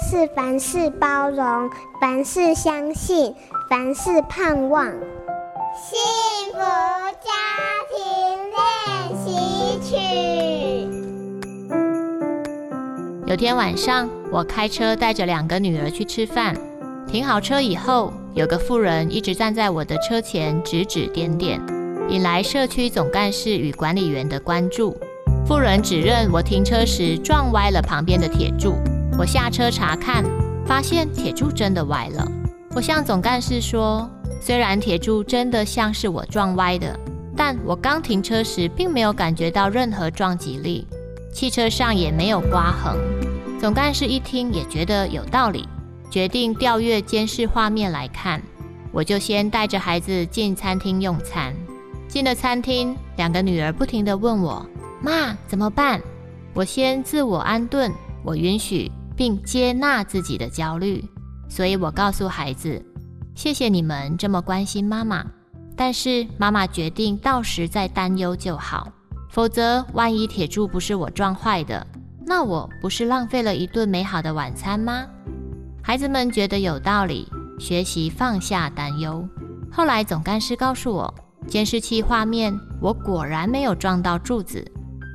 是凡事包容，凡事相信，凡事盼望。幸福家庭練習曲。有天晚上，我開車帶着兩個女兒去吃飯，停好車以後，有個婦人一直站在我的車前，指指點點，引來社區總幹事與管理員的關注。婦人指認我停車時撞歪了旁邊的鐵柱。我下車查看，發現鐵柱真的歪了。我向總幹事說：“雖然鐵柱真的像是我撞歪的，但我剛停車時並沒有感覺到任何撞擊力，汽車上也沒有刮痕。”總幹事一聽也覺得有道理，決定調閱監視畫面來看。我就先帶着孩子進餐廳用餐。進了餐廳，兩個女兒不停地問我：“媽，怎麼辦？”我先自我安頓，我允許。並接納自己的焦慮，所以我告訴孩子：“謝謝你們這麼關心媽媽，但是媽媽決定到時再擔憂就好，否則萬一鐵柱不是我撞壞的，那我不是浪費了一頓美好的晚餐嗎？”孩子們覺得有道理，學習放下擔憂。後來總幹事告訴我，監視器畫面我果然沒有撞到柱子，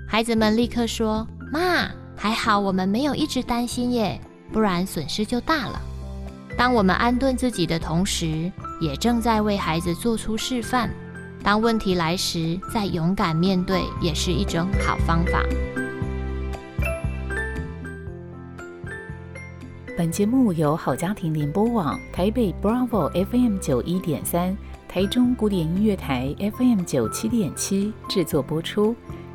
孩子們立刻說：“媽！”還好我們沒有一直擔心耶，不然損失就大了。當我們安頓自己的同時，也正在為孩子做出示範。當問題來時，再勇敢面對也是一種好方法。本節目由好家庭聯播網、台北 Bravo FM 九一點三、台中古典音樂台 FM 九七點七製作播出。